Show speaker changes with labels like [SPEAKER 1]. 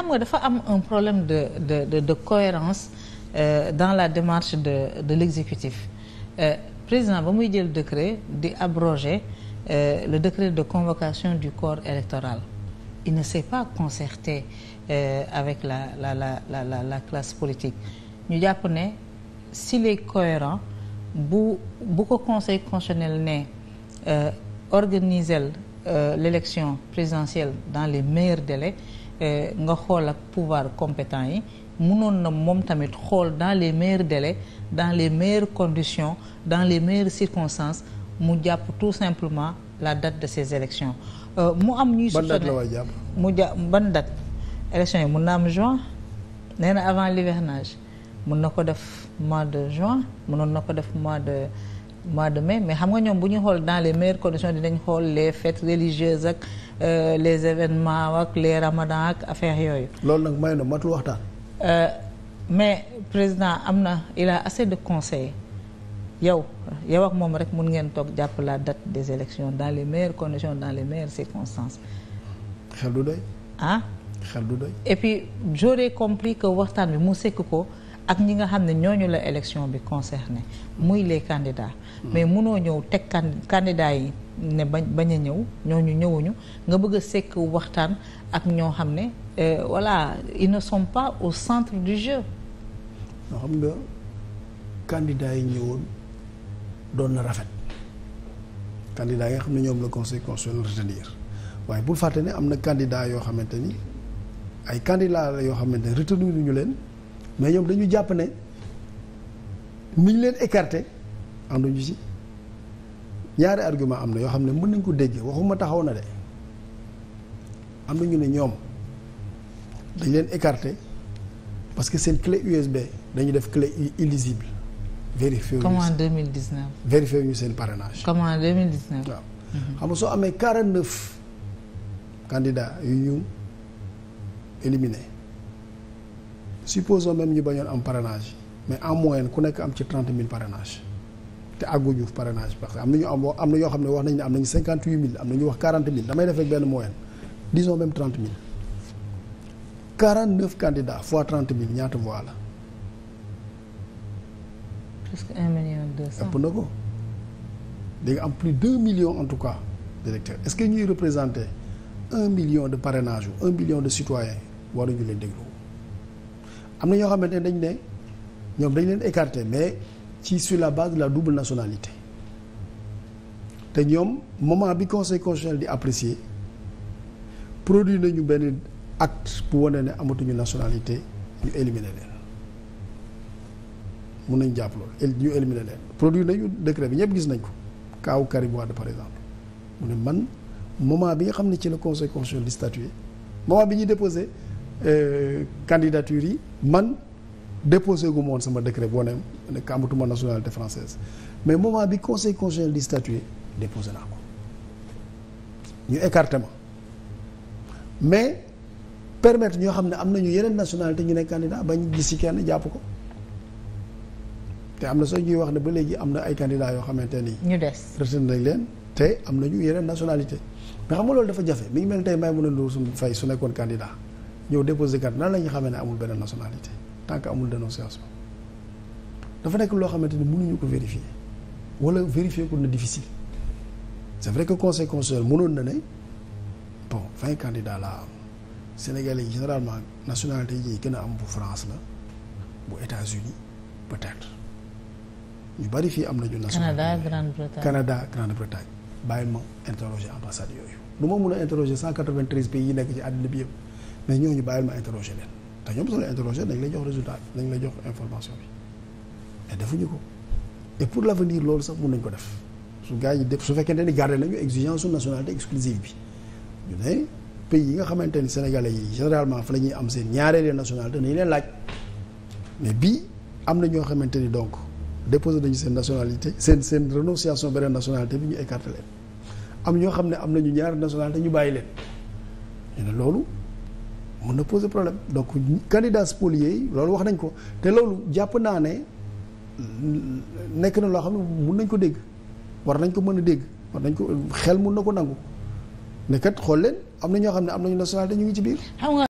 [SPEAKER 1] xam nga dafa am un problème de de de de cohérence euh, dans la démarche de de l'exécutif euh, président ba muy jël décret di abroger euh, le décret de convocation du corps électoral il ne s'est pas concerté euh, avec la la la la la, la classe politique ñu jàpp ne s'il est cohérent bu bu ko conseil constitutionnel ne euh, organiser euh, l'élection présidentielle dans les meilleurs délais Eh, nga xool ak pouvoir compétent yi mënoon na moom tamit xool dans les meilleurs délais dans les meilleures conditions dans les meilleures circonstances mu jàpp tout simplement la date de ces élections euh, mu am ñuy soupçonné mu jàpp ban date élections yi mun na am juin nee na avant l'hivernage mun na ko def mois de juin munoon na ko def mois de mois de mai mais xam nga ñoom bu ñu xool dans les meilleures conditions dinañ xool les fêtes religieuses ak euh, les événements ak les ramadans ak affaire yooyu.
[SPEAKER 2] loolu nag may na matul waxtaan.
[SPEAKER 1] Euh, mais président am na il a assez de conseils yow yow ak moom rek mun ngeen toog jàpp la date des élections dans les meilleures conditions dans les meilleures circonstances. xel du doy. ah. xel du doy. et puis j'aurais compris que waxtaan bi mu sekk ko. ak ñi nga xam ne ñooñu la élection bi concerné muy les candidats mais munoo ñëw teg candidat yi ne bañ bañ a ñëw ñooñu ñëwuñu nga bëgg a sekk waxtaan ak ñoo xam ne euh, voilà ils ne sont pas au centre du jeu
[SPEAKER 2] noo xam nga kandida yi ñëwoon doon na rafet candidats yi nga xam ne ñoom la conseil constitutionnel retenir waaye bul fàtte ne am na candidats yoo xamante ni ay candidats la yoo xamante ne retenir ñu leen mais ñoom dañu jàpp ne ni leen écarté ànduñu ci ñaari argument am na yoo xam ne mën nañ koo déggee waxuma taxaw na de am na ñu ne ñoom dañ leen écarté parce que seen clé USB dañu def clé illisible vérifié wu ñu. comment
[SPEAKER 1] 2019.
[SPEAKER 2] vérifié wu ñu seen parrainage.
[SPEAKER 1] comment 2019. waaw
[SPEAKER 2] mhm. xam nga soo amee 49 candidats yu ñu éliminé. supposons même ñu bañoon am parrainage mais en moyenne ku nekk am ci trente mille parrainage te àgguñu parrainage parce que am na ñu am am na yoo xam ne wax nañ ne am nañu cinquante huit mille am na ñu wax quarante mille damay fois trente mille ñaata voix la. presque un million deux cent. ëpp na ko da nga am plus deux millions en tout cas d'électeurs est-ce que ñuy représenter un million de parrainage ou un million de citoyens waruñu leen déglu. am na ñoo xamante ne dañ ne ñoom dañ leen écarté mais ci sur la base la double nationalité te ñoom moment bi conseil constitutionnel di apprécier produit nañu benn acte bu wane ne amatuñu nationalité ñu éliminer leen mun nañ jàpp loolu ñu éliminer leen produit nañu décret bi ñëpp gis nañ ko kaaw Karim Wade par exemple mu ne man moment bi nga xam ne ci la conseil constitutionnel di statuer moment bi ñuy déposé euh, candidature yi man déposé gu ma woon sama décret boo ne ne amatuma nationalité française mais moment bi conseil constitutionnel di statuer déposé naa ko ñu écarté ma mais permettre ñoo xam ne am nañu yeneen nationalité ñu ne candidat bañ gis ci kenn jàpp ko te am na soo ñuy wax ne ba léegi am na ay candidats yoo xamante ni. ñu des retenir nañ leen te am na ñu yeneen nationalité mais xam nga loolu dafa jafe mi ngi mel ni tey may mën a Ndour suñu fay su nekkoon candidat. ñëw déposé carte nan la ñuy xamee ne amul beneen nationalité tant que amul dénonciation dafa nekk loo xamante ni mënuñu ko vérifier wala vérifier ko na difficile c'est vrai que conseil constitutionnel mënoon na ne bon vingt candidats laa am sénégalais yi généralement nationalité ji gën a am bu France la bu États-Unis peut-être ñu bari fii am nañu. nationalité Canada Grande-Bretagne Canada ma interroger ambassade yooyu. du ma mun a interroger cent quatre yi nekk ci àddina bi yëpp. mais ñooñu bàyyil ma interroger leen te ñoom soo leen interroger lay jox résultat bi dañ lay jox information bi mais defuñu ko et pour l' avenir loolu sax mun nañ ko def su gars yi def su fekkente ni garder nañu exigence su nationalité exclusive bi ñu ne pays yi nga xamante ni sénégalais yi généralement fa la ñuy am seen ñaareelu nationalité nañu leen laaj mais bii am na ñoo xamante ni donc déposé nañu seen nationalité seen seen renonciation beneen nationalité bi ñu écarté am ñoo xam ne am nañu ñaari nationalité ñu bàyyi leen loolu. mën na poser problème donc candidat spolié yi loolu wax nañ ko te loolu jàpp naa ne nekk na loo xam ne mun nañ ko dégg war nañ ko mën a dégg war nañ ko xel mun na ko nangu ne kat xool leen am na ñoo xam ne am nañu nationalité ñu ngi ci biir.